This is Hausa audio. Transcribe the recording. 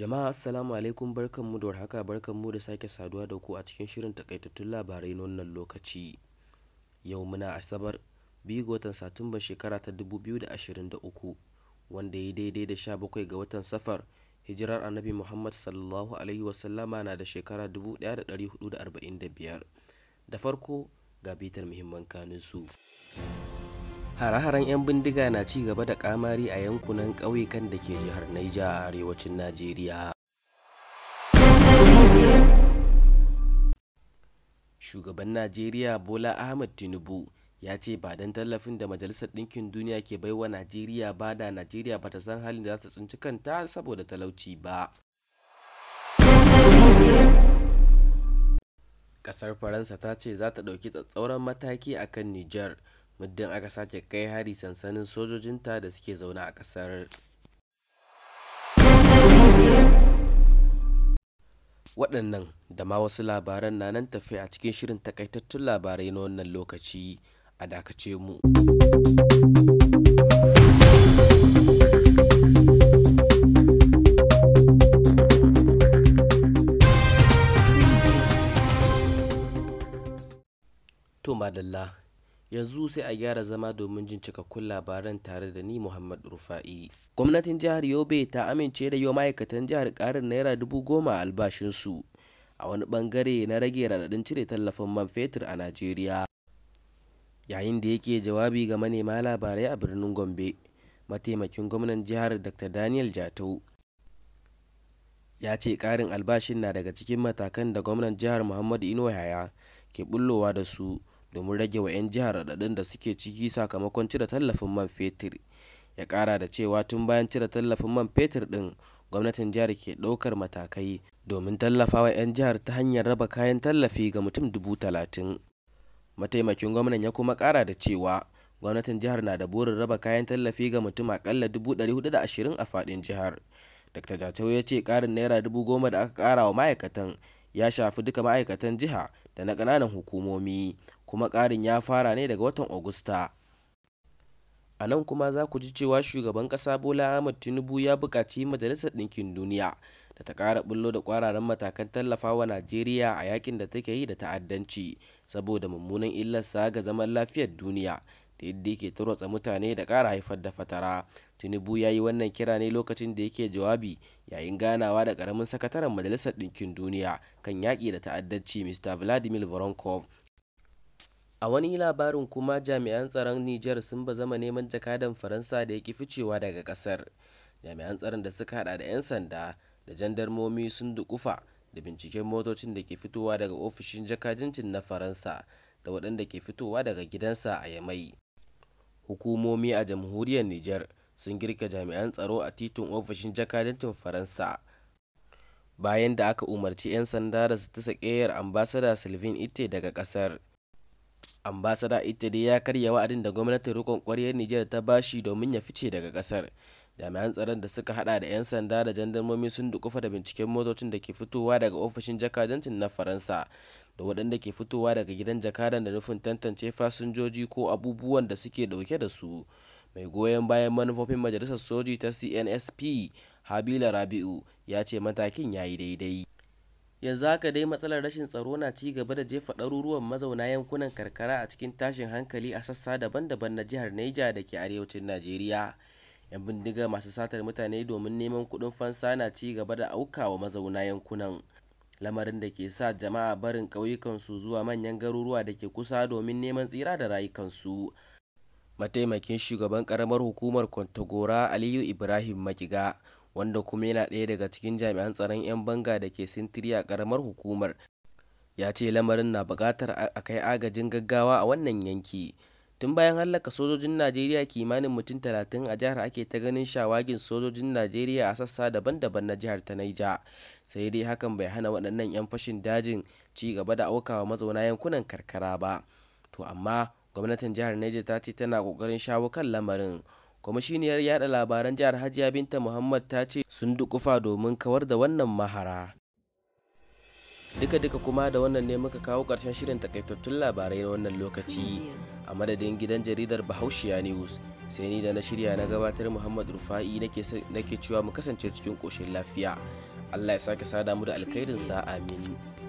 Jama'a assalamu alaikum barkanmu da warhaka barkanmu da sake saduwa da ku a cikin shirin takaitattun labarai na wannan lokaci. Yau muna Asabar biyu ga watan Satumba shekara ta 2023 wanda ya daidai da 17 ga watan Safar hijirar Annabi Muhammad sallallahu alaihi wasallama na da shekara 1445. Da farko ga bitar muhimman kanunsu. Hare-haren 'yan bindiga na ci gaba da kamari a yankunan ƙauyukan da ke jihar Naija a arewacin Najeriya. Shugaban Najeriya Bola Ahmed Tinubu ya ce ba don tallafin da Majalisar Ɗinkin Duniya ke baiwa Najeriya ba da Najeriya ba ta san halin da za ta tsinci kanta saboda talauci ba. Ƙasar Faransa ta ce za ta ɗauki tsatsauran mataki akan Nijar. muddin aka sake kai hari sansanin sojojinta da suke zaune a ƙasar waɗannan da ma wasu labaran na nan tafi a cikin shirin takaitattun labarai na wannan lokaci a dakace mu to madalla yanzu sai a gyara zama domin jin cikakkun labaran tare da ni muhammad rufa'i gwamnatin jihar yobe ta amince da yau ma'aikatan jihar karin naira dubu goma albashin su a wani bangare na rage raɗaɗin cire tallafin man fetur a najeriya yayin da yake jawabi ga manema labarai a birnin gombe mataimakin gwamnan jihar dr daniel jatau ya ce karin albashin na daga cikin matakan da gwamnan jihar muhammadu inuwa yaya ke bullowa da su domin rage wa 'yan jihar raɗaɗin da suke ciki sakamakon cire tallafin man fetur ya ƙara da cewa tun bayan cire tallafin man fetur ɗin gwamnatin jihar ke ɗaukar matakai domin tallafawa 'yan jihar ta hanyar raba kayan tallafi ga mutum dubu talatin mataimakin gwamnan ya kuma ƙara da cewa gwamnatin jihar na da burin raba kayan tallafi ga mutum akalla dubu ɗari hudu da ashirin a faɗin jihar dr jatau ya ce ƙarin naira dubu goma da aka ƙara wa ma'aikatan ya shafi duka ma'aikatan jiha da na ƙananan hukumomi kuma ƙarin ya fara ne daga watan Agusta. A nan kuma za ku ji cewa shugaban ƙasa Bola Ahmed Tinubu ya bukaci Majalisar Ɗinkin Duniya da ta kara bullo da ƙwararren matakan tallafawa Najeriya a yakin da take yi da ta'addanci saboda mummunan illarsa ga zaman lafiyar duniya da yadda yake tarwatsa mutane da ƙara haifar da fatara. Tinubu ya yi wannan kira ne lokacin da yake jawabi yayin ganawa da ƙaramin sakataren Majalisar Ɗinkin Duniya kan yaƙi da ta'addanci Mr. Vladimir Voronkov a wani labarin kuma jami'an tsaron niger sun ba zama neman jakadan faransa da ya ƙi ficewa daga kasar jami'an tsaron da suka hada da 'yan sanda da jandarmomi sun dukufa da binciken motocin da ke fitowa daga ofishin jakadancin na faransa da waɗanda ke fitowa daga gidansa a yamai hukumomi a jamhuriyar niger sun girka jami'an tsaro a titin ofishin jakadancin faransa bayan da aka umarci 'yan sanda da su ta ambasada sylvain ite daga kasar ambasada italy ya karya wa'adin da gwamnatin rikon kwaryar nijar ta bashi domin ya fice daga kasar jami'an tsaron da suka hada da 'yan sanda da jandarmomi sun dukufa da binciken motocin da ke fitowa daga ofishin jakadancin na faransa da waɗanda ke fitowa daga gidan jakadan da nufin tantance fasinjoji ko abubuwan da suke dauke da su mai goyon bayan manufofin majalisar soji ta cnsp habila rabi'u ya ce matakin ya yi daidai yanzu haka dai matsalar rashin tsaro na ci gaba da jefa ɗaruruwan mazauna yankunan karkara a cikin tashin hankali a sassa daban-daban na jihar Neja da ke arewacin Najeriya. 'Yan bindiga masu satar mutane domin neman kuɗin fansa na ci gaba da aukawa mazauna yankunan. Lamarin da ke sa jama'a barin ƙauyukan su zuwa manyan garuruwa da ke kusa domin neman tsira da rayukansu. Mataimakin shugaban ƙaramar hukumar Kwantagora Aliyu Ibrahim Makiga wanda kuma yana ɗaya daga cikin jami'an tsaron 'yan banga da ke sintiri a ƙaramar hukumar ya ce lamarin na buƙatar a kai agajin gaggawa a wannan yanki tun bayan hallaka sojojin najeriya kimanin mutum talatin a jihar ake ta ganin shawagin sojojin najeriya a sassa daban-daban na jihar ta naija sai dai hakan bai hana waɗannan 'yan fashin dajin ci gaba da aukawa mazauna yankunan karkara ba to amma gwamnatin jihar naija ta ce tana ƙoƙarin shawo kan lamarin kwamishiniyar yada labaran jihar hajiya binta muhammad ta ce sun dukufa domin kawar da wannan mahara duka-duka kuma da wannan ne muka kawo karshen shirin takaitattun labarai na wannan lokaci a madadin gidan jaridar bahaushiya news sai ni da na shirya na gabatar muhammad rufa'i nake cewa mu kasance cikin ƙoshin lafiya allah ya sake sada mu da alkhairinsa amin